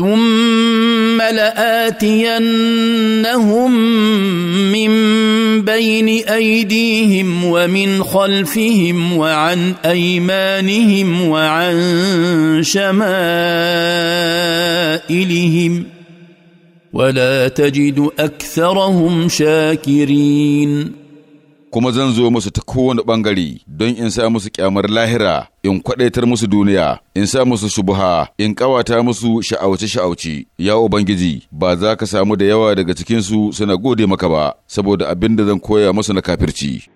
ثم لاتينهم من بين ايديهم ومن خلفهم وعن ايمانهم وعن شمائلهم ولا تجد اكثرهم شاكرين kuma zan zo musu ta kowane ɓangare don in sa musu kyamar lahira in kwaɗaitar musu duniya in sa musu shubuha in ƙawata musu sha'auce-sha'auce ya ubangiji ba za ka samu da yawa daga cikinsu suna gode maka ba saboda abin da zan koya musu na kafirci